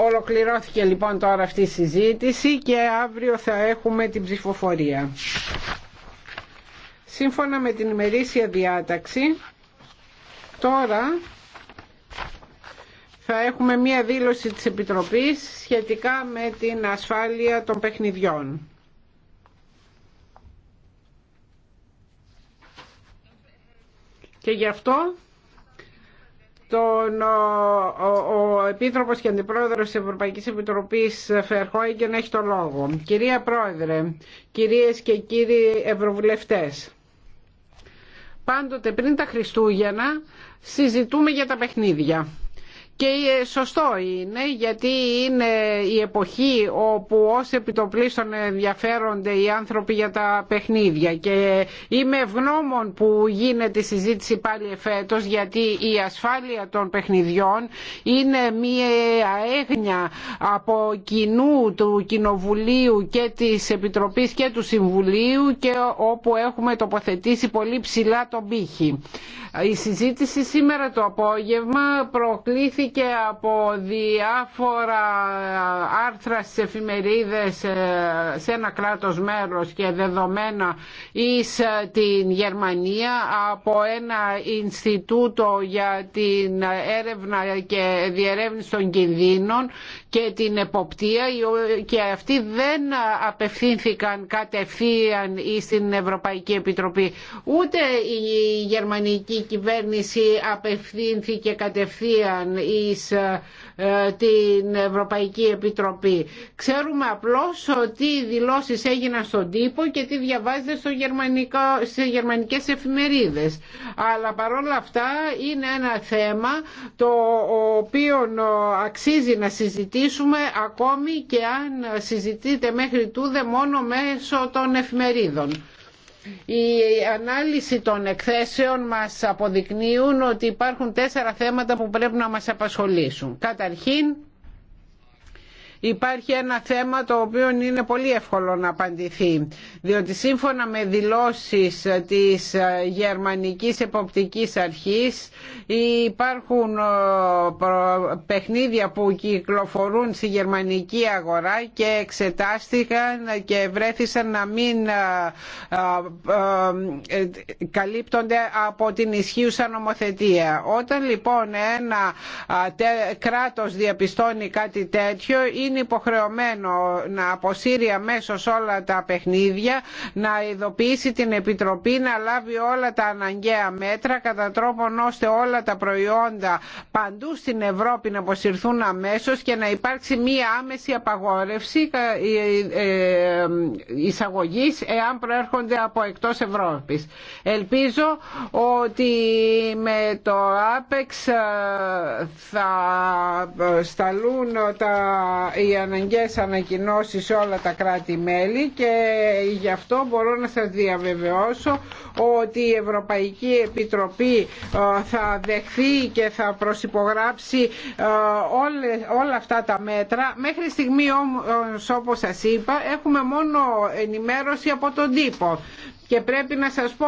Ολοκληρώθηκε λοιπόν τώρα αυτή η συζήτηση και αύριο θα έχουμε την ψηφοφορία. Σύμφωνα με την ημερήσια διάταξη, τώρα θα έχουμε μία δήλωση της Επιτροπής σχετικά με την ασφάλεια των παιχνιδιών. Και γι' αυτό τον ο, ο Επίτροπος και Αντιπρόεδρος της Ευρωπαϊκής Επιτροπής να έχει το λόγο. Κυρία Πρόεδρε, κυρίες και κύριοι Ευρωβουλευτές, πάντοτε πριν τα Χριστούγεννα συζητούμε για τα παιχνίδια. Και σωστό είναι γιατί είναι η εποχή όπου ως επιτοπλίστων ενδιαφέρονται οι άνθρωποι για τα παιχνίδια και είμαι ευγνώμων που γίνεται η συζήτηση πάλι εφέτος γιατί η ασφάλεια των παιχνιδιών είναι μία αέγνια από κοινού του Κοινοβουλίου και της Επιτροπής και του Συμβουλίου και όπου έχουμε τοποθετήσει πολύ ψηλά τον πύχη. Η συζήτηση σήμερα το απόγευμα προκλήθηκε και από διάφορα άρθρα στις εφημερίδες ε, σε ένα κράτος μέρος και δεδομένα εις ε, την Γερμανία από ένα Ινστιτούτο για την έρευνα και διερεύνηση των κινδύνων και την εποπτεία και αυτοί δεν απευθύνθηκαν κατευθείαν στην Ευρωπαϊκή Επιτροπή. Ούτε η γερμανική κυβέρνηση απευθύνθηκε κατευθείαν εις ε, την Ευρωπαϊκή Επιτροπή. Ξέρουμε απλώς ότι δηλώσεις έγιναν στον τύπο και τι διαβάζεται στο γερμανικό, σε γερμανικές εφημερίδες. Αλλά παρόλα αυτά είναι ένα θέμα το οποίο αξίζει να συζητήσουμε συζητήσουμε ακόμη και αν συζητείτε μέχρι τούδε μόνο μέσω των εφημερίδων. Η ανάλυση των εκθέσεων μας αποδεικνύουν ότι υπάρχουν τέσσερα θέματα που πρέπει να μας απασχολήσουν. Καταρχήν, υπάρχει ένα θέμα το οποίο είναι πολύ εύκολο να απαντηθεί διότι σύμφωνα με δηλώσεις της Γερμανικής Εποπτικής Αρχής υπάρχουν ε, παιχνίδια που κυκλοφορούν στη γερμανική αγορά και εξετάστηκαν και βρέθησαν να μην ε, ε, καλύπτονται από την ισχύουσα νομοθετία. Όταν λοιπόν ένα κράτος διαπιστώνει κάτι τέτοιο είναι υποχρεωμένο να αποσύρει αμέσω όλα τα παιχνίδια, να ειδοποιήσει την Επιτροπή, να λάβει όλα τα αναγκαία μέτρα κατά τρόπον ώστε όλα τα προϊόντα παντού στην Ευρώπη να αποσυρθούν αμέσω και να υπάρξει μία άμεση απαγόρευση ε, ε, εισαγωγή εάν προέρχονται από εκτός Ευρώπης. Ελπίζω ότι με το ΑΠΕΞ θα σταλούν τα οι αναγκαίες ανακοινώσεις σε όλα τα κράτη-μέλη και γι' αυτό μπορώ να σας διαβεβαιώσω ότι η Ευρωπαϊκή Επιτροπή ε, θα δεχθεί και θα προσυπογράψει ε, όλα αυτά τα μέτρα. Μέχρι στιγμή όμως όπως σας είπα έχουμε μόνο ενημέρωση από τον τύπο. Και πρέπει να σας πω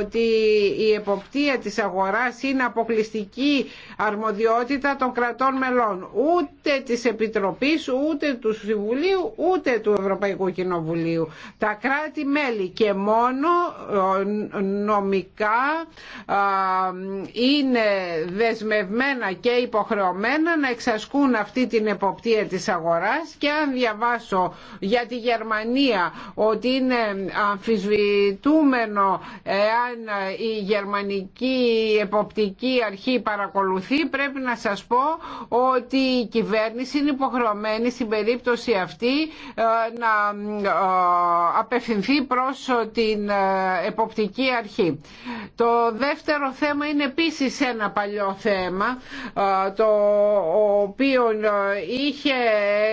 ότι η εποπτεία της αγοράς είναι αποκλειστική αρμοδιότητα των κρατών μελών. Ούτε της Επιτροπής, ούτε του Συμβουλίου, ούτε του Ευρωπαϊκού Κοινοβουλίου. Τα κράτη-μέλη και μόνο ε, νομικά είναι δεσμευμένα και υποχρεωμένα να εξασκούν αυτή την εποπτεία της αγοράς και αν διαβάσω για τη Γερμανία ότι είναι αμφισβητή αμφισβητούμενο εάν η γερμανική εποπτική αρχή παρακολουθεί πρέπει να σας πω ότι η κυβέρνηση είναι υποχρεωμένη στην περίπτωση αυτή ε, να ε, απευθυνθεί προς την ε, εποπτική αρχή. Το δεύτερο θέμα είναι επίσης ένα παλιό θέμα το οποίο είχε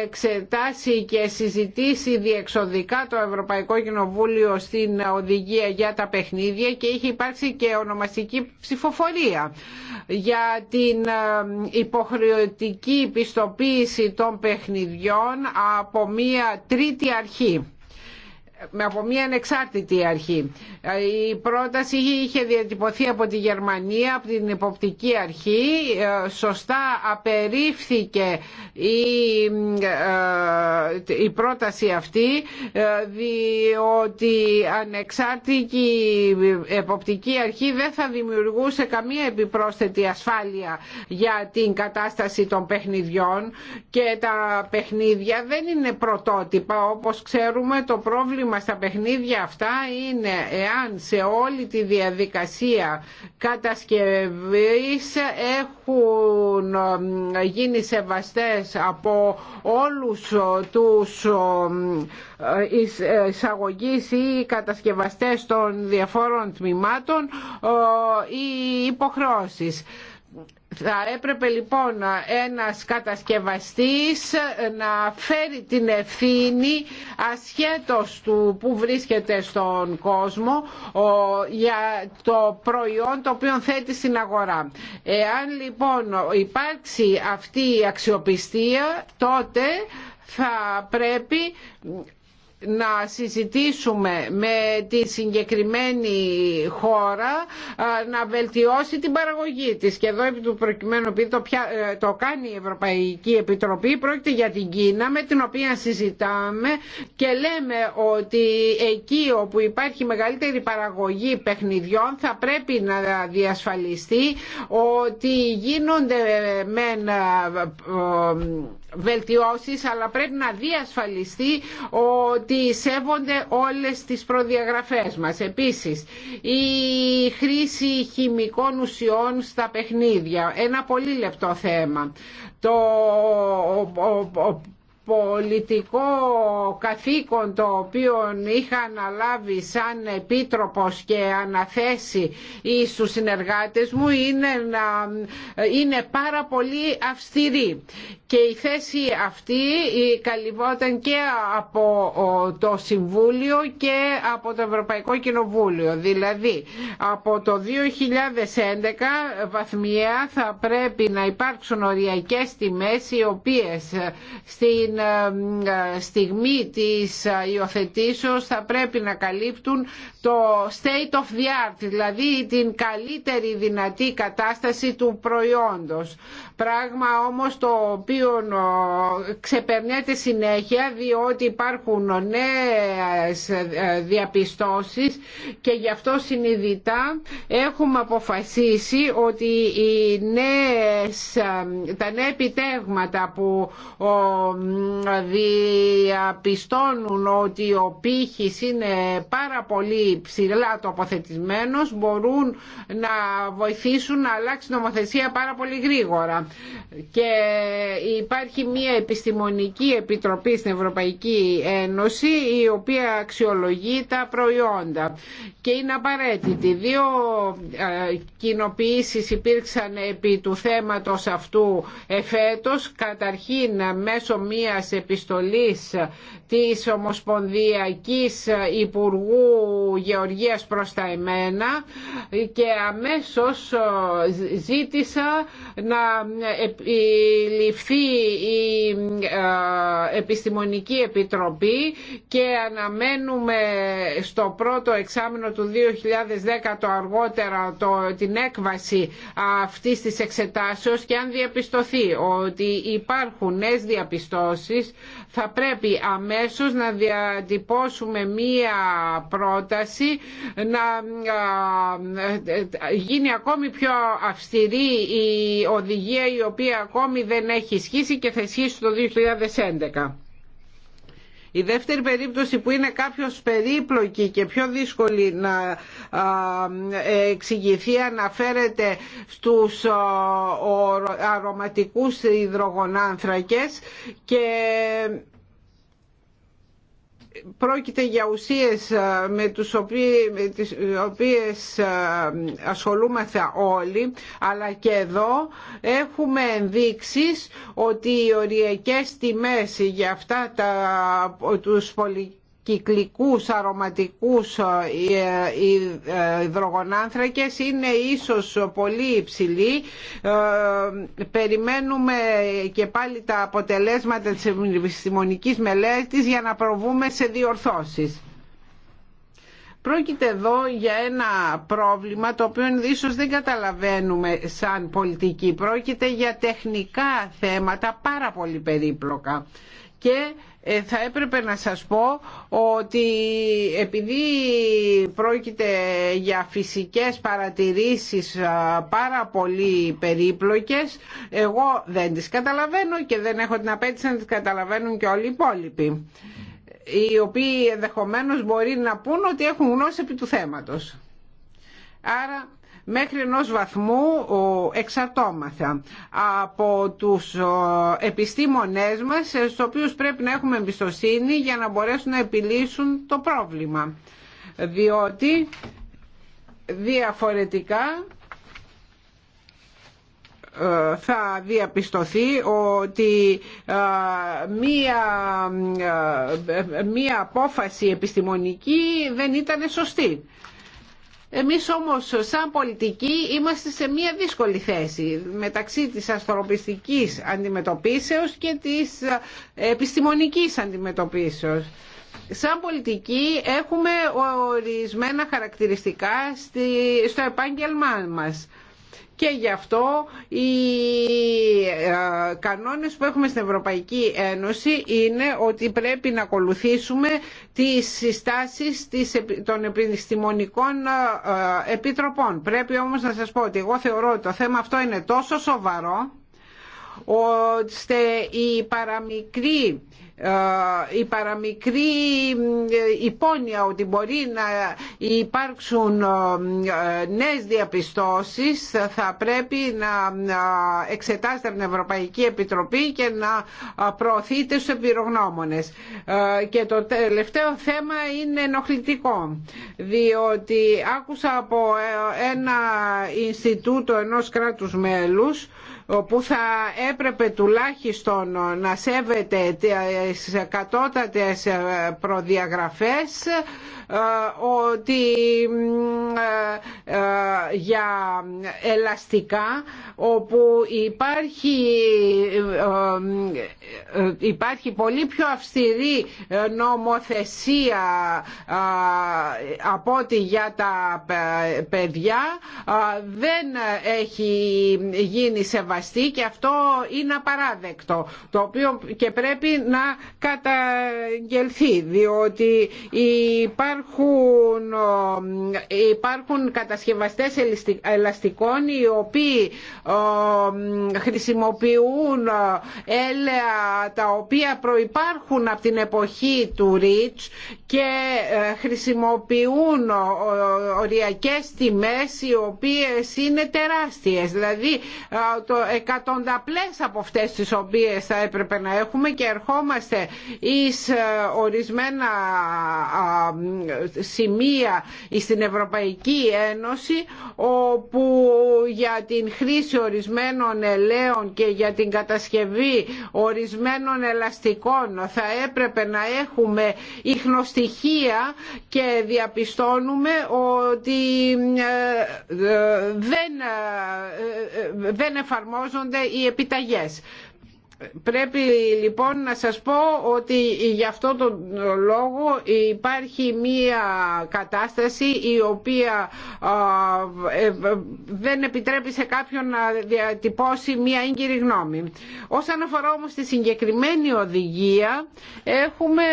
εξετάσει και συζητήσει διεξοδικά το Ευρωπαϊκό Κοινοβούλιο στην οδηγία για τα παιχνίδια και είχε υπάρξει και ονομαστική ψηφοφορία για την ε, υποχρεωτική πιστοποίηση των παιχνιδιών από μία τρίτη αρχή από μια ανεξάρτητη αρχή. Η πρόταση είχε διατυπωθεί από τη Γερμανία, από την υποπτική αρχή. Ε, σωστά απερίφθηκε η, ε, η πρόταση αυτή ε, διότι ανεξάρτητη εποπτική αρχή δεν θα δημιουργούσε καμία επιπρόσθετη ασφάλεια για την κατάσταση των παιχνιδιών και τα παιχνίδια δεν είναι πρωτότυπα όπως ξέρουμε το πρόβλημα μας τα παιχνίδια αυτά είναι εάν σε όλη τη διαδικασία κατασκευής έχουν γίνει σεβαστές από όλους τους ε, ε, εισαγωγεί ή κατασκευαστές των διαφόρων τμήματων οι υποχρεώσεις. Θα έπρεπε λοιπόν ένας κατασκευαστής να φέρει την ευθύνη ασχέτως του που βρίσκεται στον κόσμο για το προϊόν το οποίο θέτει στην αγορά. Εάν λοιπόν υπάρξει αυτή η αξιοπιστία τότε θα πρέπει να συζητήσουμε με τη συγκεκριμένη χώρα να βελτιώσει την παραγωγή της. Και εδώ επί του προκειμένου πει το, ε, το κάνει η Ευρωπαϊκή Επιτροπή πρόκειται για την Κίνα με την οποία συζητάμε και λέμε ότι εκεί όπου υπάρχει μεγαλύτερη παραγωγή παιχνιδιών θα πρέπει να διασφαλιστεί ότι γίνονται ε, μεν ε, βελτιώσεις αλλά πρέπει να διασφαλιστεί ότι ότι σέβονται όλες τις προδιαγραφές μας. Επίσης, η χρήση χημικών ουσιών στα παιχνίδια, ένα πολύ λεπτό θέμα. Το πολιτικό καθήκον το οποίο είχα αναλάβει σαν επίτροπος και αναθέσει στους συνεργάτες μου είναι, είναι πάρα πολύ αυστηρή και η θέση αυτή καλυβόταν και από το Συμβούλιο και από το Ευρωπαϊκό Κοινοβούλιο δηλαδή από το 2011 βαθμιαία θα πρέπει να υπάρξουν οριακές τιμές οι οποίες στην ε, στιγμή της υιοθετήσεως θα πρέπει να καλύπτουν το state of the art, δηλαδή την καλύτερη δυνατή κατάσταση του προϊόντος πράγμα όμως το οποίο ξεπερνέται συνέχεια διότι υπάρχουν νέες ε, διαπιστώσεις και γι' αυτό συνειδητά έχουμε αποφασίσει ότι οι νέες, ε, τα νέα επιτέγματα που διαπιστώνουν ότι ο πύχης είναι πάρα πολύ ψηλά τοποθετημένος μπορούν να βοηθήσουν να αλλάξει νομοθεσία πάρα πολύ γρήγορα και υπάρχει μια επιστημονική επιτροπή στην Ευρωπαϊκή Ένωση η οποία αξιολογεί τα προϊόντα και είναι απαραίτητη. Δύο ε, κοινοποιήσεις υπήρξαν επί του θέματος αυτού εφέτος καταρχήν μέσω μιας επιστολής της Ομοσπονδιακής Υπουργού Γεωργίας προς τα εμένα και αμέσως ε, ζήτησα να επιληφθεί η ε, Επιστημονική Επιτροπή και αναμένουμε στο πρώτο εξάμεινο του 2010 το αργότερα το, την έκβαση αυτής της εξετάσεως και αν διαπιστωθεί ότι υπάρχουν νέες διαπιστώσεις θα πρέπει αμέσως να διατυπώσουμε μία πρόταση να ε, ε, γίνει ακόμη πιο αυστηρή η οδηγία η οποία ακόμη δεν έχει ισχύσει και θα ισχύσει το 2011. Η δεύτερη περίπτωση που είναι κάποιος περίπλοκη και πιο δύσκολη να εξηγηθεί αναφέρεται στους αρωματικούς υδρογονάνθρακες και πρόκειται για ουσίες ε, με τις ε, οποίες ε, ασχολούμαστε όλοι αλλά και εδώ έχουμε ενδείξεις ότι οι οριακές τιμές για αυτά τα, τους πολιτικούς κυκλικούς αρωματικούς ε, ε, υδρογονάνθρακες είναι ίσως πολύ υψηλή. Ε, περιμένουμε και πάλι τα αποτελέσματα της επιστημονικής μελέτης για να προβούμε σε διορθώσεις. Πρόκειται εδώ για ένα πρόβλημα το οποίο ίσως δεν καταλαβαίνουμε σαν πολιτική. Πρόκειται για τεχνικά θέματα πάρα πολύ περίπλοκα. Και ε, θα έπρεπε να σας πω ότι επειδή πρόκειται για φυσικές παρατηρήσεις πάρα πολύ περίπλοκες εγώ δεν τις καταλαβαίνω και δεν έχω την απέτηση να τις καταλαβαίνουν και όλοι οι υπόλοιποι οι οποίοι ενδεχομένως μπορεί να πούν ότι έχουν γνώση επί του θέματος. Άρα μέχρι ενός βαθμού εξαρτώμαθα από τους επιστήμονές μας ε, στους οποίους πρέπει να έχουμε εμπιστοσύνη για να μπορέσουν να επιλύσουν το πρόβλημα διότι διαφορετικά ε, θα διαπιστωθεί ότι ε, μία, μία απόφαση επιστημονική δεν ήταν σωστή. Εμείς όμως σαν πολιτικοί είμαστε σε μια δύσκολη θέση μεταξύ της ανθρωπιστικής αντιμετωπίσεως και της επιστημονικής αντιμετωπίσεως. Σαν πολιτικοί έχουμε ορισμένα χαρακτηριστικά στο επάγγελμά μας και γι' αυτό οι ε, κανόνες που έχουμε στην Ευρωπαϊκή Ένωση είναι ότι πρέπει να ακολουθήσουμε τις συστάσεις των επιστημονικών ε, επιτροπών. Πρέπει όμως να σας πω ότι εγώ θεωρώ ότι το θέμα αυτό είναι τόσο σοβαρό ώστε η παραμικρή ε, η παραμικρή ε, υπόνοια ότι μπορεί να υπάρξουν ε, νέες διαπιστώσεις θα πρέπει να εξετάσετε την Ευρωπαϊκή Επιτροπή και να προωθείτε στους Και το τελευταίο θέμα είναι ενοχλητικό διότι άκουσα από ένα Ινστιτούτο ενός κράτους μέλους που θα έπρεπε τουλάχιστον να σέβεται τις εκατότατες προδιαγραφές ε, ότι ε, ε, για ελαστικά όπου υπάρχει, υπάρχει πολύ πιο αυστηρή νομοθεσία από ότι για τα παιδιά δεν έχει γίνει σεβαστή και αυτό είναι απαράδεκτο το οποίο και πρέπει να καταγγελθεί διότι υπάρχει υπάρχουν, υπάρχουν κατασκευαστές ελαστικών οι οποίοι χρησιμοποιούν έλαια τα οποία προϋπάρχουν από την εποχή του Ρίτς και ε, χρησιμοποιούν οριακές τιμές οι οποίες είναι τεράστιες δηλαδή ε, το εκατονταπλές από αυτές τις οποίες θα έπρεπε να έχουμε και ερχόμαστε εις ε, ορισμένα σημεία στην Ευρωπαϊκή Ένωση όπου για την χρήση ορισμένων ελαίων και για την κατασκευή ορισμένων ελαστικών θα έπρεπε να έχουμε ίχνοστοιχεία και διαπιστώνουμε ότι ε, ε, δεν, ε, δεν εφαρμόζονται οι επιταγές. Πρέπει λοιπόν να σας πω ότι γι' αυτό τον λόγο υπάρχει μία κατάσταση η οποία ε, ε, δεν επιτρέπει σε κάποιον να διατυπώσει μία έγκυρη γνώμη. Όσον αφορά όμως τη συγκεκριμένη οδηγία έχουμε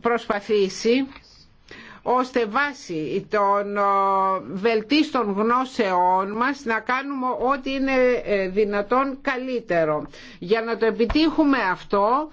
προσπαθήσει ώστε βάσει των ε, βελτίστων γνώσεών μας να κάνουμε ό,τι είναι ε, δυνατόν καλύτερο. Για να το επιτύχουμε αυτό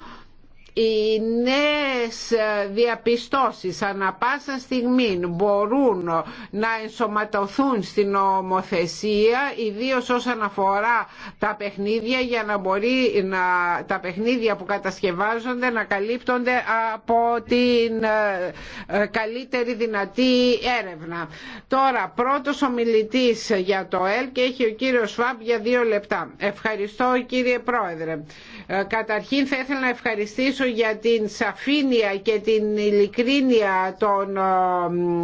οι νέες διαπιστώσεις ανα πάσα στιγμή μπορούν να ενσωματωθούν στην νομοθεσία ιδίω όσον αφορά τα παιχνίδια για να μπορεί να, τα παιχνίδια που κατασκευάζονται να καλύπτονται από την ε, ε, καλύτερη δυνατή έρευνα. Τώρα πρώτος ομιλητής για το ΕΛ και έχει ο κύριος Φαμπ για δύο λεπτά. Ευχαριστώ κύριε Πρόεδρε. Ε, καταρχήν θα ήθελα να ευχαριστήσω για την σαφήνεια και την ειλικρίνεια των,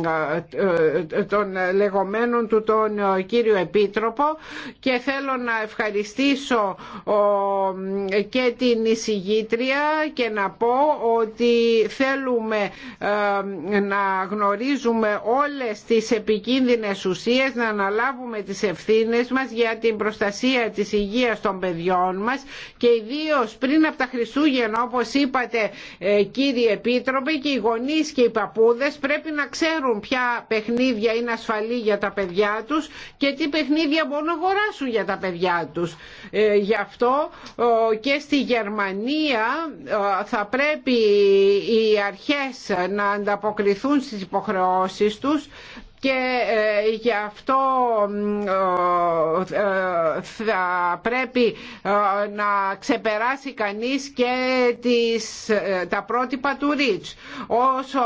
ε, ε, των του τον ε, κύριο Επίτροπο και θέλω να ευχαριστήσω και την εισηγήτρια και να πω ότι θέλουμε να γνωρίζουμε όλες τις επικίνδυνες ουσίες να αναλάβουμε τις ευθύνες μας για την προστασία της υγείας των παιδιών μας και ιδίως πριν από τα Χριστούγεννα όπως είπα είπατε ε, κύριε Επίτροπε και οι γονείς και οι παππούδες πρέπει να ξέρουν ποια παιχνίδια είναι ασφαλή για τα παιδιά τους και τι παιχνίδια μπορούν να αγοράσουν για τα παιδιά τους. Ε, γι' αυτό και στη Γερμανία θα πρέπει οι αρχές να ανταποκριθούν στις υποχρεώσεις τους και ε, γι' αυτό ε, θα πρέπει ε, να ξεπεράσει κανείς και τις, τα πρότυπα του Ρίτς. όσο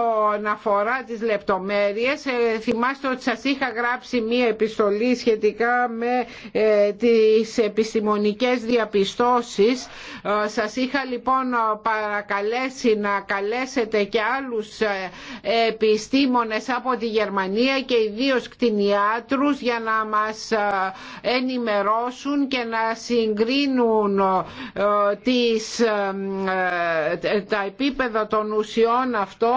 αφορά τις λεπτομέρειες, θυμάστε ότι σας είχα γράψει μία επιστολή σχετικά με τις επιστημονικές διαπιστώσεις. Σας είχα λοιπόν παρακαλέσει να καλέσετε και άλλους επιστήμονες από τη Γερμανία και ιδίω κτηνιάτρους για να μας ε, ενημερώσουν και να συγκρίνουν ε, τις, ε, τα επίπεδα των ουσιών αυτών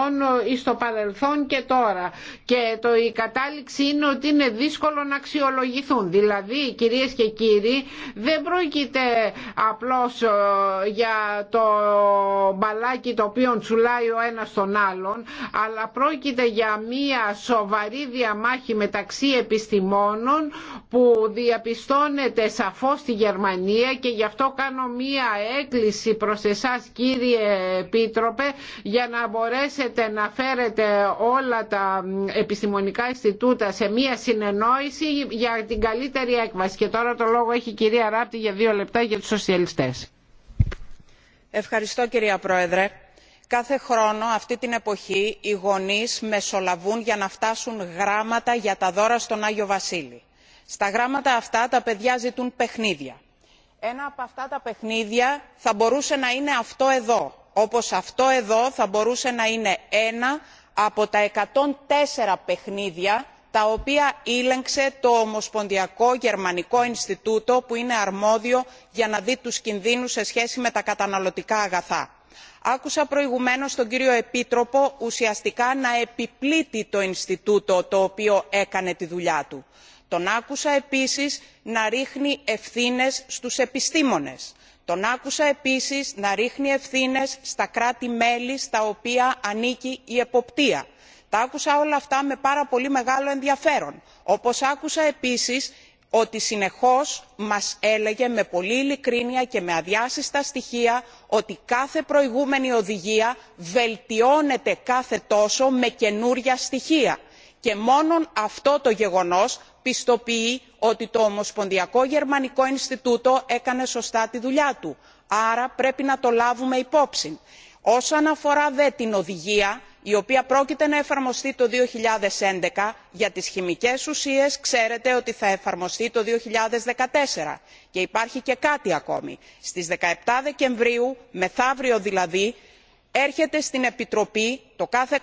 στο παρελθόν και τώρα. Και το, η κατάληξη είναι ότι είναι δύσκολο να αξιολογηθούν. Δηλαδή, κυρίες και κύριοι, δεν πρόκειται απλώς για το μπαλάκι το οποίο τσουλάει ο ένας τον άλλον, αλλά πρόκειται για μία σοβαρή διαμάχη μεταξύ επιστημόνων που διαπιστώνεται σαφώς στη Γερμανία και γι' αυτό κάνω μία έκκληση προς εσάς κύριε Επίτροπε για να μπορέσετε να φέρετε όλα τα επιστημονικά Ινστιτούτα σε μία συνεννόηση για την καλύτερη έκβαση. Και τώρα το λόγο έχει η κυρία Ράπτη για δύο λεπτά για τους σοσιαλιστές. Ευχαριστώ κυρία Πρόεδρε κάθε χρόνο αυτή την εποχή οι γονείς μεσολαβούν για να φτάσουν γράμματα για τα δώρα στον άγιο βασίλη. στα γράμματα αυτά τα παιδιά ζητούν παιχνίδια. ένα από αυτά τα παιχνίδια θα μπορούσε να είναι αυτό εδώ όπως αυτό εδώ θα μπορούσε να είναι ένα από τα 104 παιχνίδια τα οποία ήλεγξε το ομοσπονδιακό γερμανικό ινστιτούτο που είναι αρμόδιο για να δει τους κινδύνους σε σχέση με τα καταναλωτικά αγαθά άκουσα προηγουμένως τον κύριο επίτροπο ουσιαστικά να επιπλήττει το ινστιτούτο το οποίο έκανε τη δουλειά του. τον άκουσα επίσης να ρίχνει ευθύνες στους επιστήμονες. τον άκουσα επίσης να ρίχνει ευθύνες στα κράτη μέλη στα οποία ανήκει η εποπτεία. τα άκουσα όλα αυτά με πάρα πολύ μεγάλο ενδιαφέρον όπως άκουσα επίσης ότι συνεχώς μας έλεγε με πολύ ειλικρίνεια και με αδιάσυστα στοιχεία ότι κάθε προηγούμενη οδηγία βελτιώνεται κάθε τόσο με καινούρια στοιχεία και μόνο αυτό το γεγονός πιστοποιεί ότι το ομοσπονδιακό γερμανικό ινστιτούτο έκανε σωστά τη δουλειά του άρα πρέπει να το λάβουμε υπόψη. όσον αφορά δε την οδηγία η οποία πρόκειται να εφαρμοστεί το 2011, για τις χημικές ουσίες ξέρετε ότι θα εφαρμοστεί το 2014. και υπάρχει και κάτι ακόμη στις δεκαεπτά δεκεμβρίου μεθαύριο δηλαδή έρχεται στην επιτροπή το κάθε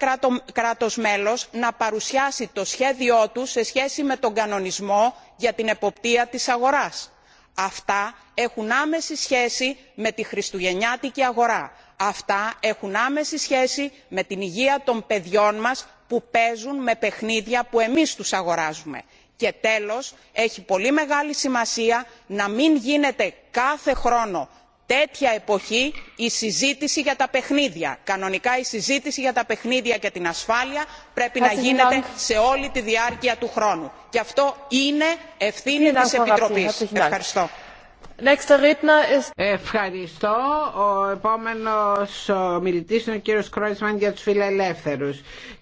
κράτος μέλος να παρουσιάσει το σχέδιό του σε σχέση με τον κανονισμό για την εποπτεία της αγοράς. αυτά έχουν άμεση σχέση με τη χριστουγεννιάτικη αγορά αυτά έχουν άμεση σχέση με την υγεία των παιδιών μας που παίζουν με παιχνίδια που εμείς τους αγοράζουμε. και τέλος έχει πολύ μεγάλη σημασία να μην γίνεται κάθε χρόνο τέτοια εποχή η συζήτηση για τα παιχνίδια. κανονικά η συζήτηση για τα παιχνίδια και την ασφάλεια πρέπει να γίνεται σε όλη τη διάρκεια του χρόνου και αυτό είναι ευθύνη της επιτροπής. ευχαριστώ. Ευχαριστώ. Ο επόμενο μιλητής είναι ο κύριο Κρόισμαν για τους φιλελεύθερου.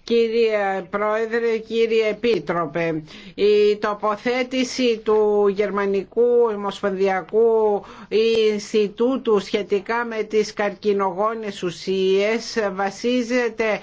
Κύριε Πρόεδρε, κύριε Επίτροπε, η τοποθέτηση του Γερμανικού Ομοσπονδιακού Ινστιτούτου σχετικά με τις καρκινογόνες ουσίες βασίζεται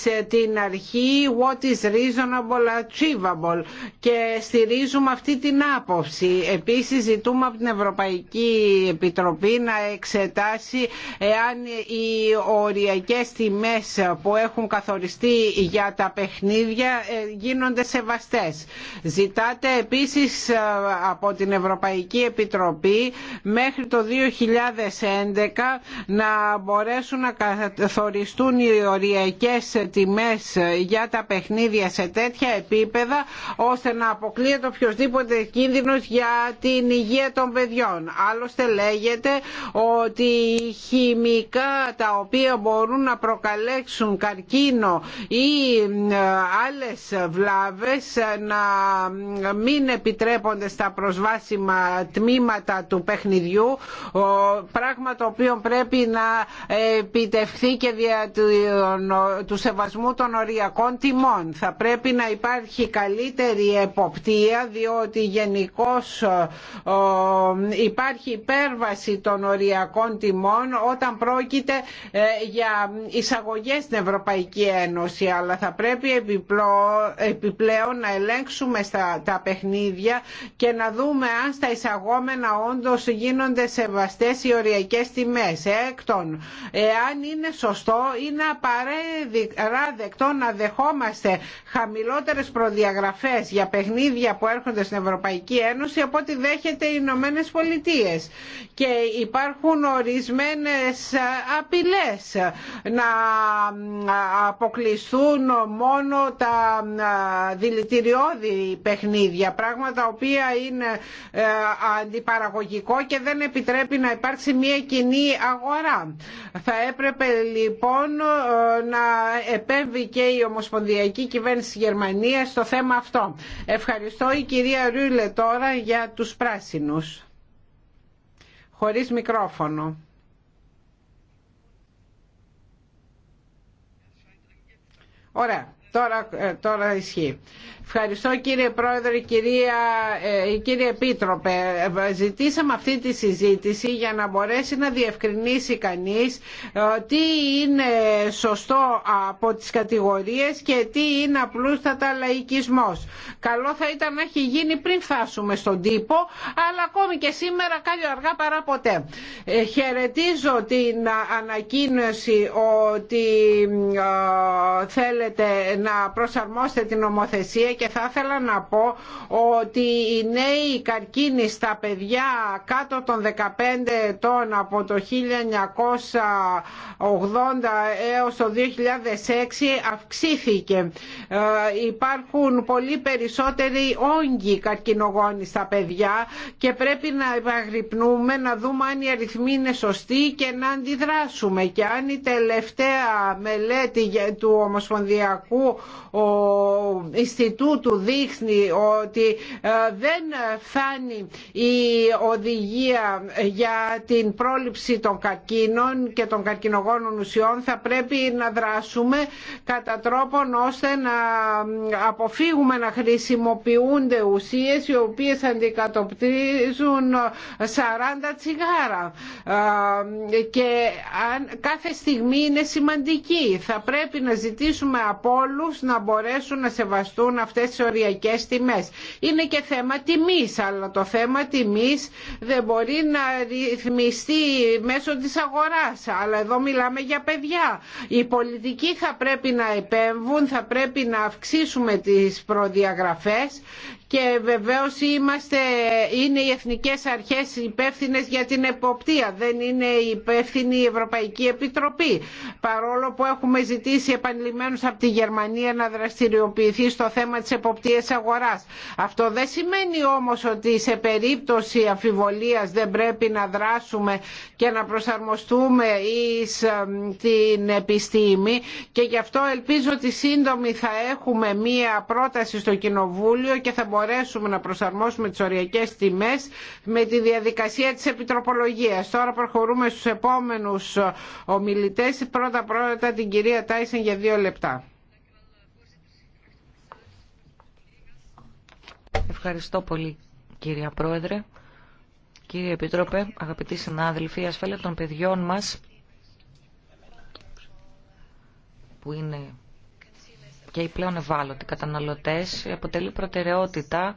σε την αρχή what is reasonable achievable και στηρίζουμε αυτή την άποψη. Επίσης ζητούμε από την Ευρωπαϊκή Ευρωπαϊκή Επιτροπή να εξετάσει εάν οι οριακές τιμές που έχουν καθοριστεί για τα παιχνίδια ε, γίνονται σεβαστές. Ζητάτε επίσης ε, από την Ευρωπαϊκή Επιτροπή μέχρι το 2011 να μπορέσουν να καθοριστούν οι οριακές τιμές για τα παιχνίδια σε τέτοια επίπεδα ώστε να αποκλείεται οποιοδήποτε κίνδυνος για την υγεία των παιδιών παιδιών. Άλλωστε λέγεται ότι χημικά τα οποία μπορούν να προκαλέξουν καρκίνο ή ε, άλλες βλάβες ε, να μην επιτρέπονται στα προσβάσιμα τμήματα του παιχνιδιού πράγμα το οποίο πρέπει να επιτευχθεί και δια του σεβασμού των οριακών τιμών. Θα πρέπει να υπάρχει καλύτερη εποπτεία διότι γενικώ υπάρχει υπέρβαση των οριακών τιμών όταν πρόκειται ε, για εισαγωγές στην Ευρωπαϊκή Ένωση αλλά θα πρέπει επιπλέον να ελέγξουμε τα παιχνίδια και να δούμε αν στα εισαγόμενα όντως γίνονται σεβαστές οι οριακές τιμές. Ε, έκτον, εάν είναι σωστό είναι απαράδεκτο να δεχόμαστε χαμηλότερες προδιαγραφές για παιχνίδια που έρχονται στην Ευρωπαϊκή Ένωση από ό,τι δέχεται οι και υπάρχουν ορισμένες απειλέ να αποκλειστούν μόνο τα δηλητηριώδη παιχνίδια πράγματα οποία είναι ε, αντιπαραγωγικό και δεν επιτρέπει να υπάρξει μια κοινή αγορά. Θα έπρεπε λοιπόν ε, να επέμβει και η Ομοσπονδιακή Κυβέρνηση της Γερμανίας στο θέμα αυτό. Ευχαριστώ η κυρία Ρούλε τώρα για τους πράσινους χωρίς μικρόφωνο. Ωραία. Τώρα, ε, τώρα ισχύει. Ευχαριστώ κύριε Πρόεδρε, κυρία, ε, κύριε Επίτροπε. Ε, ζητήσαμε αυτή τη συζήτηση για να μπορέσει να διευκρινίσει κανείς τι είναι σωστό από τις κατηγορίες και τι είναι απλούστατα λαϊκισμός. Καλό θα ήταν να έχει γίνει πριν φτάσουμε στον τύπο, αλλά ακόμη και σήμερα κάλλιο αργά παρά ποτέ. Χαιρετίζω την ανακοίνωση ότι θέλετε να προσαρμόσετε την νομοθεσία και θα ήθελα να πω ότι οι νέοι καρκίνοι στα παιδιά κάτω των 15 ετών από το 1980 έως το 2006 αυξήθηκε. Ε, υπάρχουν πολύ περισσότεροι όγκοι καρκινογόνοι στα παιδιά και πρέπει να επαγρυπνούμε να δούμε αν οι αριθμοί είναι σωστοί και να αντιδράσουμε και αν η τελευταία μελέτη του Ομοσπονδιακού ο Ινστιτούτου δείχνει ότι ε, δεν φτάνει η οδηγία για την πρόληψη των καρκίνων και των καρκινογόνων ουσιών θα πρέπει να δράσουμε κατά τρόπον ώστε να αποφύγουμε να χρησιμοποιούνται ουσίες οι οποίες αντικατοπτρίζουν 40 τσιγάρα ε, και κάθε στιγμή είναι σημαντική θα πρέπει να ζητήσουμε από να μπορέσουν να σεβαστούν αυτές τις οριακές τιμές. Είναι και θέμα τιμής, αλλά το θέμα τιμής δεν μπορεί να ρυθμιστεί μέσω της αγοράς. Αλλά εδώ μιλάμε για παιδιά. Οι πολιτικοί θα πρέπει να επέμβουν, θα πρέπει να αυξήσουμε τις προδιαγραφές και βεβαίως είμαστε, είναι οι εθνικές αρχές υπεύθυνε για την εποπτεία, δεν είναι υπεύθυνη η Ευρωπαϊκή Επιτροπή. Παρόλο που έχουμε ζητήσει επανειλημμένως από τη Γερμανία να δραστηριοποιηθεί στο θέμα της εποπτείας αγοράς. Αυτό δεν σημαίνει όμως ότι σε περίπτωση αφιβολίας δεν πρέπει να δράσουμε και να προσαρμοστούμε εις ε, την επιστήμη και γι' αυτό ελπίζω ότι σύντομη θα έχουμε μία πρόταση στο Κοινοβούλιο και θα μπορέσουμε να προσαρμόσουμε τις οριακές τιμές με τη διαδικασία της επιτροπολογίας. Τώρα προχωρούμε στους επόμενους ομιλητές. Πρώτα πρώτα την κυρία Τάισεν για δύο λεπτά. Ευχαριστώ πολύ κυρία Πρόεδρε. Κύριε Επίτροπε, αγαπητοί συνάδελφοι, η ασφάλεια των παιδιών μας που είναι και οι πλέον ευάλωτοι καταναλωτές αποτελεί προτεραιότητα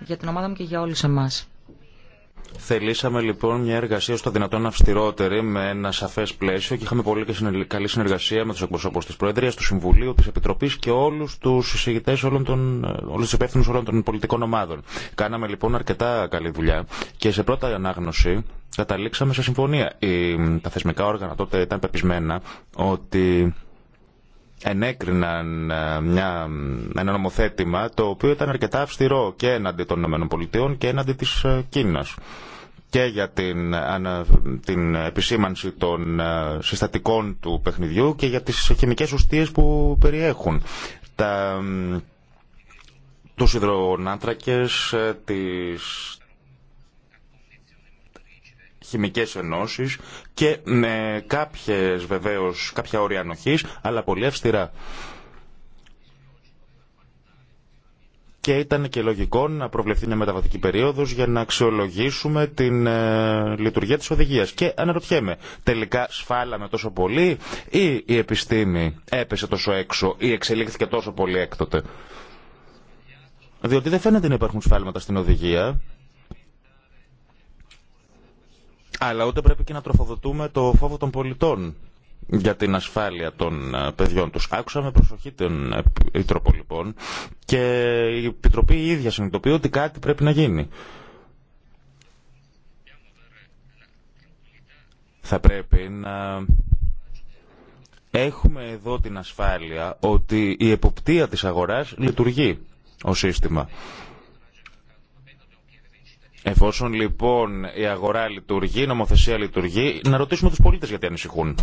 για την ομάδα μου και για όλους εμάς. Θελήσαμε λοιπόν μια εργασία στο δυνατόν αυστηρότερη με ένα σαφέ πλαίσιο και είχαμε πολύ και καλή συνεργασία με του εκπροσώπου τη Προεδρία, του Συμβουλίου, τη Επιτροπή και όλου του συζητητέ, όλου του υπεύθυνου όλων των πολιτικών ομάδων. Κάναμε λοιπόν αρκετά καλή δουλειά και σε πρώτα ανάγνωση καταλήξαμε σε συμφωνία. τα θεσμικά όργανα τότε ήταν πεπισμένα ότι ενέκριναν ε, μια, ένα νομοθέτημα το οποίο ήταν αρκετά αυστηρό και έναντι των ΗΠΑ και έναντι της ε, Κίνας και για την, την επισήμανση των ε, συστατικών του παιχνιδιού και για τις χημικές ουστίες που περιέχουν. Τα, τους υδρονάνθρακες, τις, χημικές ενώσεις και με κάποιες βεβαίως, κάποια όρια ανοχής, αλλά πολύ αυστηρά. και ήταν και λογικό να προβλεφθεί μια μεταβατική περίοδο για να αξιολογήσουμε την ε, λειτουργία τη οδηγία. Και αναρωτιέμαι, τελικά σφάλαμε τόσο πολύ ή η επιστήμη έπεσε τόσο έξω ή εξελίχθηκε τόσο πολύ έκτοτε. Διότι δεν φαίνεται να υπάρχουν σφάλματα στην οδηγία αλλά ούτε πρέπει και να τροφοδοτούμε το φόβο των πολιτών για την ασφάλεια των ε, παιδιών τους. Άκουσα με προσοχή την Επιτροπή λοιπόν και η Επιτροπή η ίδια συνειδητοποιεί ότι κάτι πρέπει να γίνει. Θα πρέπει να έχουμε εδώ την ασφάλεια ότι η εποπτεία της αγοράς λειτουργεί ως σύστημα. Εφόσον λοιπόν η αγορά λειτουργεί, η νομοθεσία λειτουργεί, να ρωτήσουμε τους πολίτες γιατί ανησυχούν.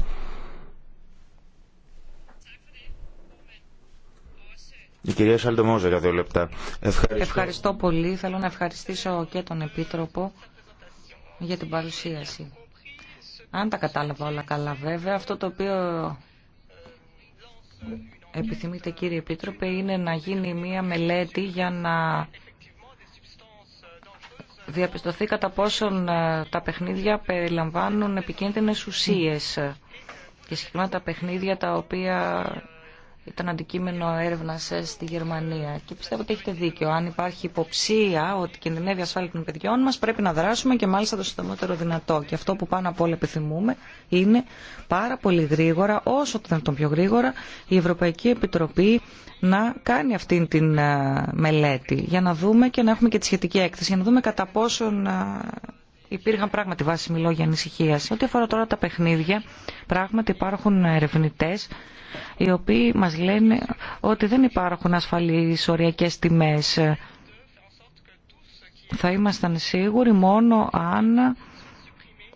Η κυρία Σαλτεμόζε για δύο λεπτά. Ευχαριστώ. Ευχαριστώ πολύ. Θέλω να ευχαριστήσω και τον Επίτροπο για την παρουσίαση. Αν τα κατάλαβα όλα καλά βέβαια, αυτό το οποίο επιθυμείτε κύριε Επίτροπε είναι να γίνει μία μελέτη για να διαπιστωθεί κατά πόσον ε, τα παιχνίδια περιλαμβάνουν επικίνδυνες ουσίες και συγκεκριμένα τα παιχνίδια τα οποία ήταν αντικείμενο έρευνα ε, στη Γερμανία. Και πιστεύω ότι έχετε δίκιο. Αν υπάρχει υποψία ότι κινδυνεύει η ασφάλεια των παιδιών μα, πρέπει να δράσουμε και μάλιστα το συντομότερο δυνατό. Και αυτό που πάνω απ' όλα επιθυμούμε είναι πάρα πολύ γρήγορα, όσο το δυνατόν πιο γρήγορα, η Ευρωπαϊκή Επιτροπή να κάνει αυτή την ε, μελέτη για να δούμε και να έχουμε και τη σχετική έκθεση, για να δούμε κατά πόσον ε, υπήρχαν πράγματι βάσιμοι λόγοι ανησυχία. Ό,τι αφορά τώρα τα παιχνίδια, πράγματι υπάρχουν ερευνητέ οι οποίοι μα λένε ότι δεν υπάρχουν ασφαλεί οριακέ τιμέ. Θα ήμασταν σίγουροι μόνο αν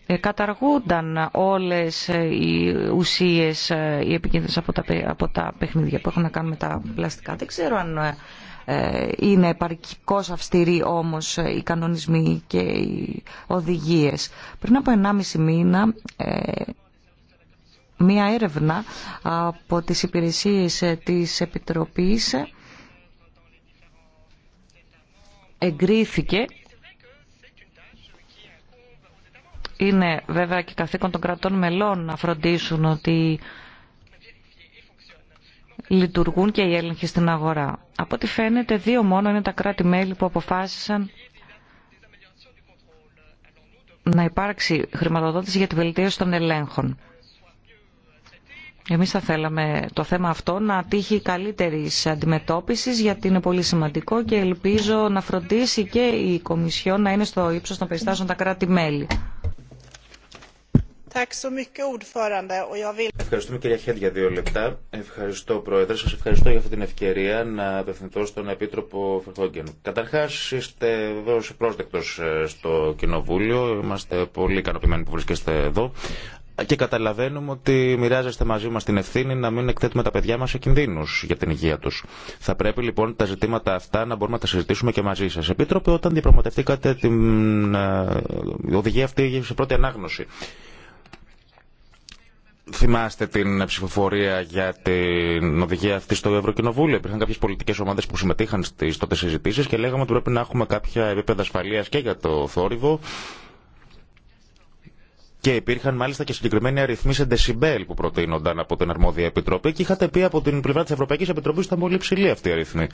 ε, καταργούνταν όλες οι ουσίες ε, οι επικίνδυνες από τα, από τα παιχνίδια που έχουν να κάνουν με τα πλαστικά. Δεν ξέρω αν ε, ε, είναι επαρκώς αυστηροί όμως ε, οι κανονισμοί και οι οδηγίες. Πριν από 1,5 μήνα ε, μία έρευνα από τις υπηρεσίες της Επιτροπής εγκρίθηκε είναι βέβαια και καθήκον των κρατών μελών να φροντίσουν ότι λειτουργούν και οι έλεγχοι στην αγορά. Από ό,τι φαίνεται, δύο μόνο είναι τα κράτη-μέλη που αποφάσισαν να υπάρξει χρηματοδότηση για τη βελτίωση των ελέγχων. Εμείς θα θέλαμε το θέμα αυτό να τύχει καλύτερης αντιμετώπισης γιατί είναι πολύ σημαντικό και ελπίζω να φροντίσει και η Κομισιόν να είναι στο ύψος των περιστάσεων τα κράτη-μέλη. Ευχαριστούμε κυρία Χέντ για δύο λεπτά. Ευχαριστώ Πρόεδρε, σα ευχαριστώ για αυτή την ευκαιρία να απευθυνθώ στον Επίτροπο Φερχόγγεν. Καταρχά είστε βεβαίω πρόσδεκτος ε, στο Κοινοβούλιο, είμαστε πολύ ικανοποιημένοι που βρίσκεστε εδώ και καταλαβαίνουμε ότι μοιράζεστε μαζί μα την ευθύνη να μην εκθέτουμε τα παιδιά μα σε κινδύνου για την υγεία του. Θα πρέπει λοιπόν τα ζητήματα αυτά να μπορούμε να τα συζητήσουμε και μαζί σα. Επίτροπε, όταν διαπραγματευτήκατε την ε, οδηγία αυτή σε πρώτη ανάγνωση, Θυμάστε την ψηφοφορία για την οδηγία αυτή στο Ευρωκοινοβούλιο. Υπήρχαν κάποιε πολιτικέ ομάδε που συμμετείχαν στι τότε συζητήσει και λέγαμε ότι πρέπει να έχουμε κάποια επίπεδα ασφαλεία και για το θόρυβο και υπήρχαν μάλιστα και συγκεκριμένοι αριθμοί σε δεσιμπέλ που προτείνονταν από την αρμόδια επιτροπή και είχατε πει από την πλευρά τη Ευρωπαϊκή Επιτροπή ότι ήταν πολύ ψηλή αυτή η αριθμή.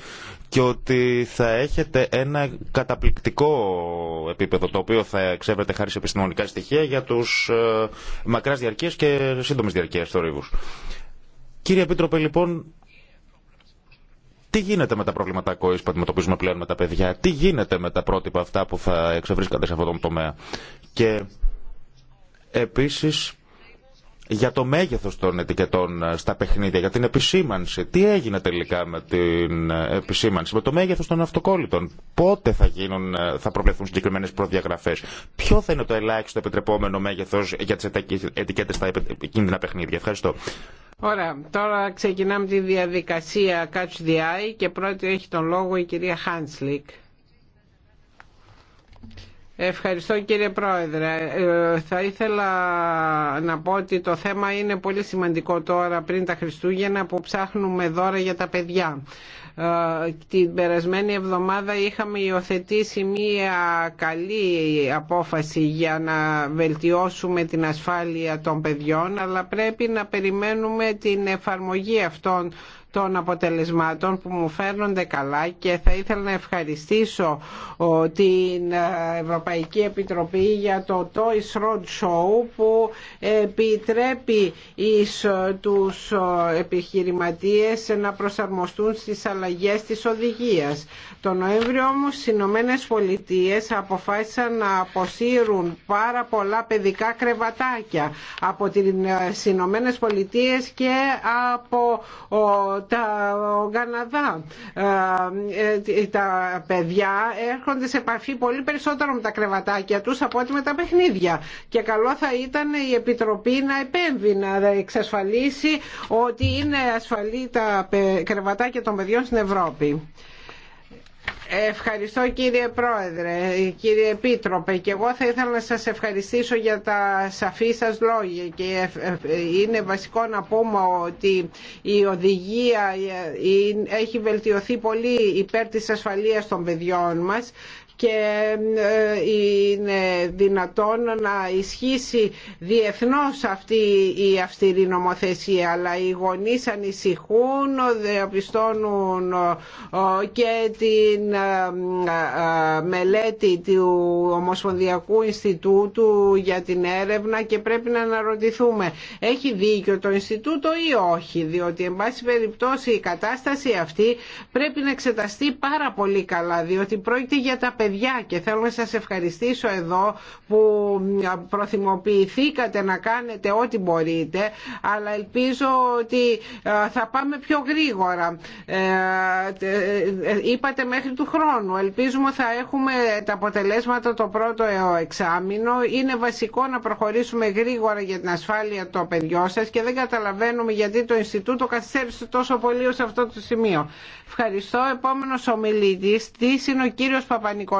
Και ότι θα έχετε ένα καταπληκτικό επίπεδο το οποίο θα εξέβρεται χάρη σε επιστημονικά στοιχεία για του ε, μακρά διαρκεία και σύντομε διαρκεία θορύβου. Κύριε Επίτροπε, λοιπόν, τι γίνεται με τα προβλήματα ακοής που αντιμετωπίζουμε πλέον με τα παιδιά, τι γίνεται με τα πρότυπα αυτά που θα εξευρίσκονται σε αυτόν τον τομέα. Και Επίσης, για το μέγεθος των ετικετών ε, στα παιχνίδια, για την επισήμανση. Τι έγινε τελικά με την ε, επισήμανση, με το μέγεθος των αυτοκόλλητων. Πότε θα, γίνουν, ε, θα προβλεφθούν συγκεκριμένες προδιαγραφές. Ποιο θα είναι το ελάχιστο επιτρεπόμενο μέγεθος για τις ετικέτες στα κίνδυνα παιχνίδια. Ευχαριστώ. Ωραία, τώρα ξεκινάμε τη διαδικασία Catch the Eye και πρώτη έχει τον λόγο η κυρία Χάνσλικ. Ευχαριστώ κύριε Πρόεδρε. Ε, θα ήθελα να πω ότι το θέμα είναι πολύ σημαντικό τώρα πριν τα Χριστούγεννα που ψάχνουμε δώρα για τα παιδιά. Ε, την περασμένη εβδομάδα είχαμε υιοθετήσει μία καλή απόφαση για να βελτιώσουμε την ασφάλεια των παιδιών αλλά πρέπει να περιμένουμε την εφαρμογή αυτών των αποτελεσμάτων που μου φέρνονται καλά και θα ήθελα να ευχαριστήσω την ε, Ευρωπαϊκή Επιτροπή για το Toys Show που επιτρέπει εις ε, τους ε, επιχειρηματίες να προσαρμοστούν στις αλλαγές της οδηγίας. Το Νοέμβριο όμως οι Ηνωμένε Πολιτείε αποφάσισαν να αποσύρουν πάρα πολλά παιδικά κρεβατάκια από τις Ηνωμένε Πολιτείε και από τα Καναδά. Ε, τα παιδιά έρχονται σε επαφή πολύ περισσότερο με τα κρεβατάκια τους από ό,τι με τα παιχνίδια. Και καλό θα ήταν η Επιτροπή να επέμβει, να εξασφαλίσει ότι είναι ασφαλή τα κρεβατάκια των παιδιών στην Ευρώπη. Ευχαριστώ κύριε Πρόεδρε, κύριε Επίτροπε και εγώ θα ήθελα να σας ευχαριστήσω για τα σαφή σας λόγια και ε, ε, είναι βασικό να πούμε ότι η οδηγία ε, έχει βελτιωθεί πολύ υπέρ της ασφαλείας των παιδιών μας και ε, είναι δυνατόν να ισχύσει διεθνώς αυτή η αυστηρή νομοθεσία αλλά οι γονείς ανησυχούν, διαπιστώνουν ε, και την ε, μελέτη του Ομοσπονδιακού Ινστιτούτου για την έρευνα και πρέπει να αναρωτηθούμε έχει δίκιο το Ινστιτούτο ή όχι διότι εν πάση περιπτώσει η κατάσταση αυτή πρέπει να εξεταστεί πάρα πολύ καλά διότι πρόκειται για τα παιδιά παιδιά και θέλω να σας ευχαριστήσω εδώ που προθυμοποιηθήκατε να κάνετε ό,τι μπορείτε αλλά ελπίζω ότι ε, θα πάμε πιο γρήγορα. Ε, ε, είπατε μέχρι του χρόνου. Ελπίζουμε θα έχουμε τα αποτελέσματα το πρώτο εξάμεινο. Είναι βασικό να προχωρήσουμε γρήγορα για την ασφάλεια των παιδιών σας και δεν καταλαβαίνουμε γιατί το Ινστιτούτο καθυστέρησε τόσο πολύ ως αυτό το σημείο. Ευχαριστώ. Επόμενος ομιλητής Τι είναι ο κυριος Παπανικό.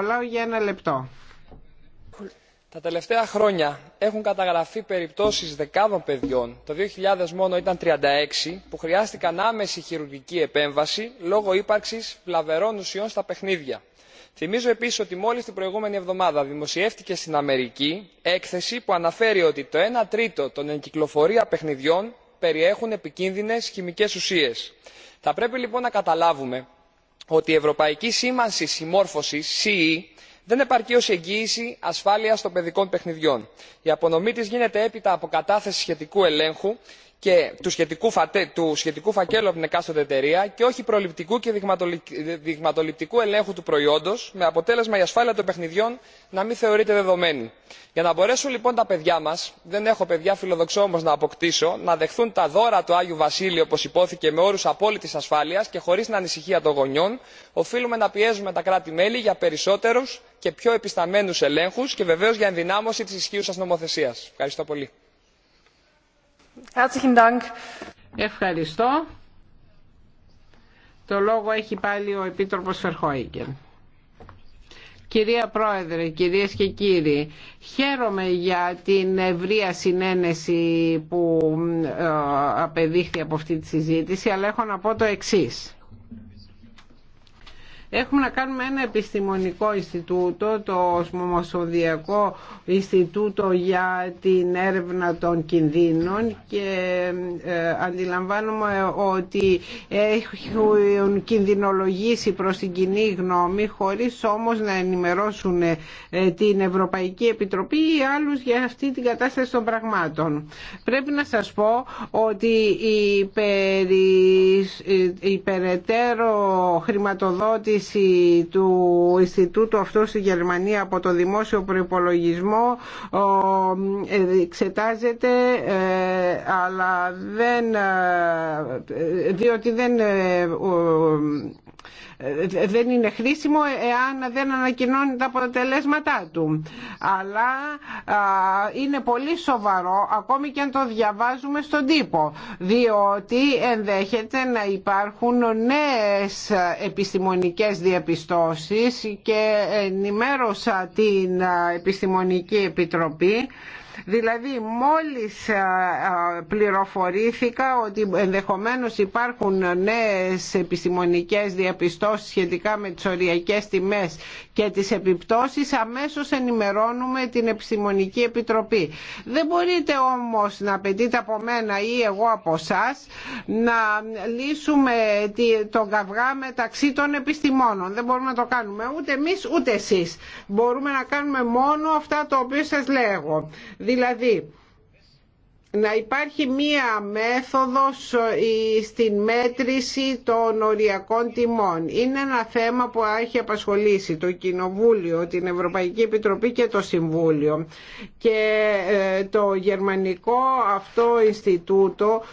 Τα τελευταία χρόνια έχουν καταγραφεί περιπτώσεις δεκάδων παιδιών, το 2000 μόνο ήταν 36, που χρειάστηκαν άμεση χειρουργική επέμβαση λόγω ύπαρξης βλαβερών ουσιών στα παιχνίδια. Θυμίζω επίσης ότι μόλις την προηγούμενη εβδομάδα δημοσιεύτηκε στην Αμερική έκθεση που αναφέρει ότι το 1 τρίτο των εγκυκλοφορία παιχνιδιών περιέχουν επικίνδυνες χημικές ουσίες. Θα πρέπει λοιπόν να καταλάβουμε ότι η ευρωπαϊκή σήμανση συμμόρφωση ce δεν επαρκεί ω εγγύηση ασφάλεια των παιδικών παιχνιδιών. η απονομή τη γίνεται έπειτα από κατάθεση σχετικού ελέγχου και του σχετικού, φακέλου από την εκάστοτε εταιρεία και όχι προληπτικού και δειγματοληπτικού ελέγχου του προϊόντο με αποτέλεσμα η ασφάλεια των παιχνιδιών να μην θεωρείται δεδομένη. για να μπορέσουν λοιπόν τα παιδιά μα δεν έχω παιδιά φιλοδοξώ όμω να αποκτήσω να δεχθούν τα δώρα του άγιου βασίλειου όπω υπόθηκε με όρου απόλυτη ασφάλεια και χωρί την ανησυχία των γονιών οφείλουμε να πιέζουμε τα κράτη μέλη για περισσότερου και πιο επισταμένου ελέγχου και βεβαίω για ενδυνάμωση τη ισχύουσα νομοθεσία. ευχαριστώ πολύ. Ευχαριστώ. Το λόγο έχει πάλι ο Επίτροπος Φερχόικεν. Κυρία Πρόεδρε, κυρίες και κύριοι, χαίρομαι για την ευρεία συνένεση που ε, απεδείχθη από αυτή τη συζήτηση, αλλά έχω να πω το εξής. Έχουμε να κάνουμε ένα επιστημονικό Ινστιτούτο, το Ομοσπονδιακό Ινστιτούτο για την έρευνα των κινδύνων και ε, αντιλαμβάνομαι ότι έχουν κινδυνολογήσει προς την κοινή γνώμη χωρίς όμως να ενημερώσουν ε, την Ευρωπαϊκή Επιτροπή ή άλλους για αυτή την κατάσταση των πραγμάτων. Πρέπει να σας πω ότι η, περι... περαιτέρω του Ινστιτούτου αυτό στη Γερμανία από το δημόσιο προϋπολογισμό εξετάζεται ε, αλλά δεν ε, διότι δεν ε, ε, δεν είναι χρήσιμο εάν δεν ανακοινώνει τα αποτελέσματά του. Αλλά είναι πολύ σοβαρό ακόμη και αν το διαβάζουμε στον τύπο διότι ενδέχεται να υπάρχουν νέες επιστημονικές διαπιστώσεις και ενημέρωσα την Επιστημονική Επιτροπή Δηλαδή μόλις πληροφορήθηκα ότι ενδεχομένως υπάρχουν νέες επιστημονικές διαπιστώσεις σχετικά με τις οριακές τιμές και τις επιπτώσεις αμέσως ενημερώνουμε την Επιστημονική Επιτροπή. Δεν μπορείτε όμως να απαιτείτε από μένα ή εγώ από εσά να λύσουμε τον καυγά μεταξύ των επιστημόνων. Δεν μπορούμε να το κάνουμε ούτε εμείς ούτε εσείς. Μπορούμε να κάνουμε μόνο αυτά τα οποία σας λέγω. Δηλαδή, να υπάρχει μία μέθοδος ε, στην μέτρηση των οριακών τιμών. Είναι ένα θέμα που έχει απασχολήσει το Κοινοβούλιο, την Ευρωπαϊκή Επιτροπή και το Συμβούλιο. Και ε, το γερμανικό αυτό Ινστιτούτο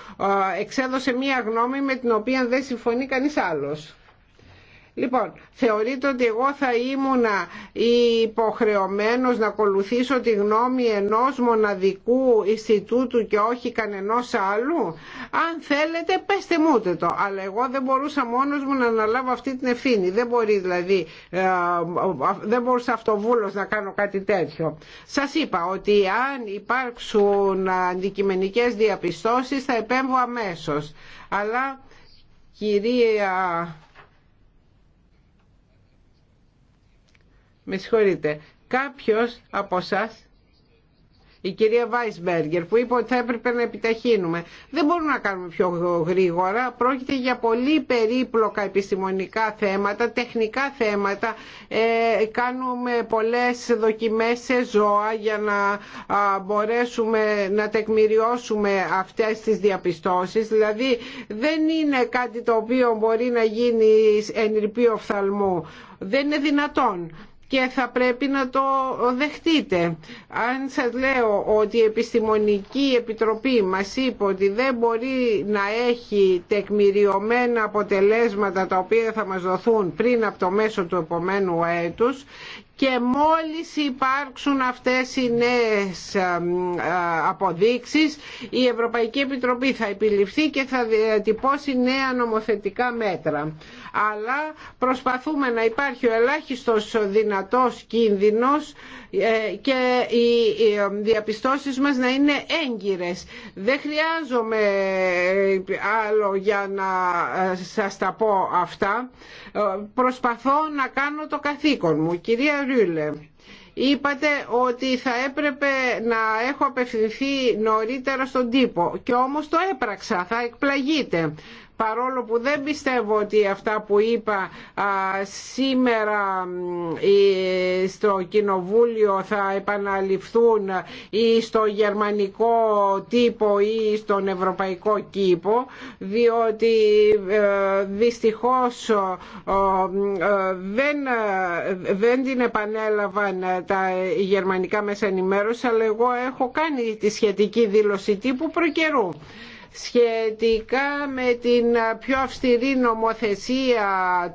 ε, εξέδωσε μία γνώμη με την οποία δεν συμφωνεί κανείς άλλος. Λοιπόν, θεωρείτε ότι εγώ θα ήμουνα υποχρεωμένος να ακολουθήσω τη γνώμη ενός μοναδικού Ινστιτούτου και όχι κανενός άλλου. Αν θέλετε πέστε μου το, αλλά εγώ δεν μπορούσα μόνος μου να αναλάβω αυτή την ευθύνη. Δεν μπορεί δηλαδή, ε, δεν μπορούσα αυτοβούλος να κάνω κάτι τέτοιο. Σας είπα ότι αν υπάρξουν αντικειμενικές διαπιστώσεις θα επέμβω αμέσως. Αλλά κυρία με συγχωρείτε, κάποιος από εσά η κυρία Βάισμπεργκερ που είπε ότι θα έπρεπε να επιταχύνουμε. Δεν μπορούμε να κάνουμε πιο γρήγορα. Πρόκειται για πολύ περίπλοκα επιστημονικά θέματα, τεχνικά θέματα. Ε, κάνουμε πολλές δοκιμές σε ζώα για να μπορέσουμε να τεκμηριώσουμε αυτές τις διαπιστώσεις. Δηλαδή δεν είναι κάτι το οποίο μπορεί να γίνει εν φθαλμού. Δεν είναι δυνατόν και θα πρέπει να το δεχτείτε. Αν σας λέω ότι η Επιστημονική Επιτροπή μας είπε ότι δεν μπορεί να έχει τεκμηριωμένα αποτελέσματα τα οποία θα μας δοθούν πριν από το μέσο του επομένου έτους και μόλις υπάρξουν αυτές οι νέες αποδείξεις η Ευρωπαϊκή Επιτροπή θα επιληφθεί και θα διατυπώσει νέα νομοθετικά μέτρα. Αλλά προσπαθούμε να υπάρχει ο ελάχιστος δυνατός κίνδυνος ε, και οι ε, διαπιστώσεις μας να είναι έγκυρες. Δεν χρειάζομαι ε, άλλο για να σας τα πω αυτά. Προσπαθώ να κάνω το καθήκον μου. Κυρία Είπατε ότι θα έπρεπε να έχω απευθυνθεί νωρίτερα στον τύπο και όμως το έπραξα, θα εκπλαγείτε παρόλο που δεν πιστεύω ότι αυτά που είπα σήμερα στο Κοινοβούλιο θα επαναληφθούν ή στο γερμανικό τύπο ή στον ευρωπαϊκό κήπο διότι ε, δυστυχώς ε, δεν, δεν την επανέλαβαν τα γερμανικά μέσα ενημέρωση αλλά εγώ έχω κάνει τη σχετική δήλωση τύπου προκαιρού σχετικά με την πιο αυστηρή νομοθεσία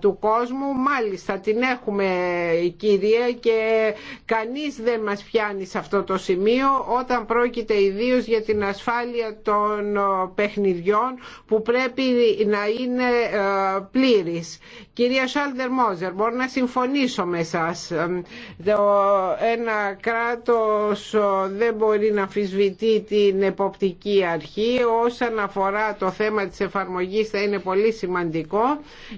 του κόσμου. Μάλιστα την έχουμε κυρία και κανείς δεν μας πιάνει σε αυτό το σημείο όταν πρόκειται ιδίως για την ασφάλεια των ε, παιχνιδιών που πρέπει να είναι ε, πλήρης. Κυρία Σάλτερ Μόζερ, μπορώ να συμφωνήσω με σας. Ε, ένα κράτος δεν μπορεί να αμφισβητεί την εποπτική αρχή όσα όσον αφορά το θέμα της εφαρμογής θα είναι πολύ σημαντικό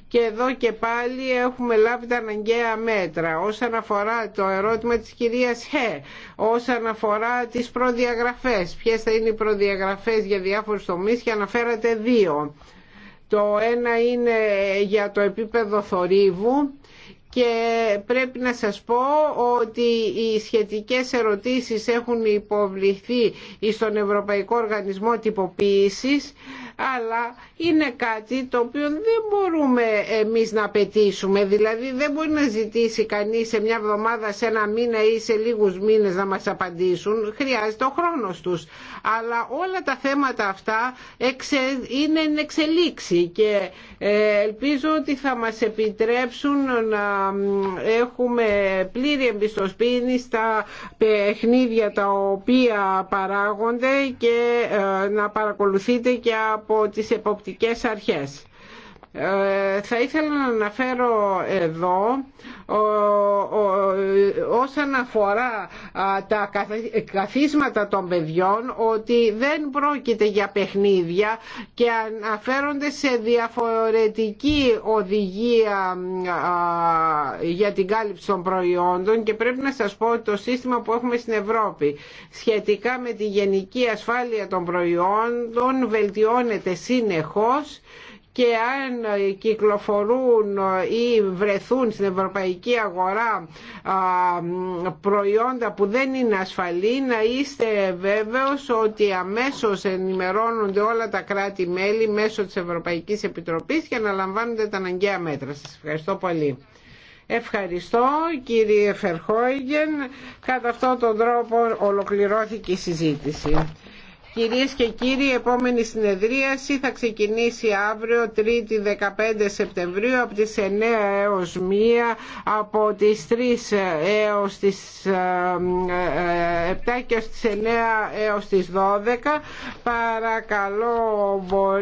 και εδώ και πάλι έχουμε λάβει τα αναγκαία μέτρα. Όσον αφορά το ερώτημα της κυρίας Χε, όσον αφορά τις προδιαγραφές, ποιες θα είναι οι προδιαγραφές για διάφορους τομείς και αναφέρατε δύο. Το ένα είναι για το επίπεδο θορύβου και πρέπει να σας πω ότι οι σχετικές ερωτήσεις έχουν υποβληθεί στον Ευρωπαϊκό Οργανισμό Τυποποίησης αλλά είναι κάτι το οποίο δεν μπορούμε εμείς να πετήσουμε. Δηλαδή δεν μπορεί να ζητήσει κανείς σε μια εβδομάδα, σε ένα μήνα ή σε λίγους μήνες να μας απαντήσουν. Χρειάζεται ο χρόνος τους. Αλλά όλα τα θέματα αυτά είναι εξελίξη και ε, ελπίζω ότι θα μας επιτρέψουν να έχουμε πλήρη εμπιστοσύνη στα παιχνίδια τα οποία παράγονται και ε, να παρακολουθείτε και από τις εποπτικές αρχές. Ε, θα ήθελα να αναφέρω εδώ όσον αφορά τα καθίσματα των παιδιών ότι δεν πρόκειται για παιχνίδια και αναφέρονται σε διαφορετική οδηγία για την κάλυψη των προϊόντων και πρέπει να σας πω ότι το σύστημα που έχουμε στην Ευρώπη σχετικά με τη γενική ασφάλεια των προϊόντων βελτιώνεται συνεχώς και αν κυκλοφορούν ή βρεθούν στην ευρωπαϊκή αγορά προϊόντα που δεν είναι ασφαλή να είστε βέβαιος ότι αμέσως ενημερώνονται όλα τα κράτη-μέλη μέσω της Ευρωπαϊκής Επιτροπής και να λαμβάνονται τα αναγκαία μέτρα. Σας ευχαριστώ πολύ. Ευχαριστώ κύριε Φερχόγγεν. Κατά αυτόν τον τρόπο ολοκληρώθηκε η συζήτηση. Κυρίες και κύριοι, η επόμενη συνεδρίαση θα ξεκινήσει αύριο 3η 15 Σεπτεμβρίου από τις 9 έως 1, από τις 3 έως τις 7 ε, και στις 9 έως τις 12. Παρακαλώ μπορεί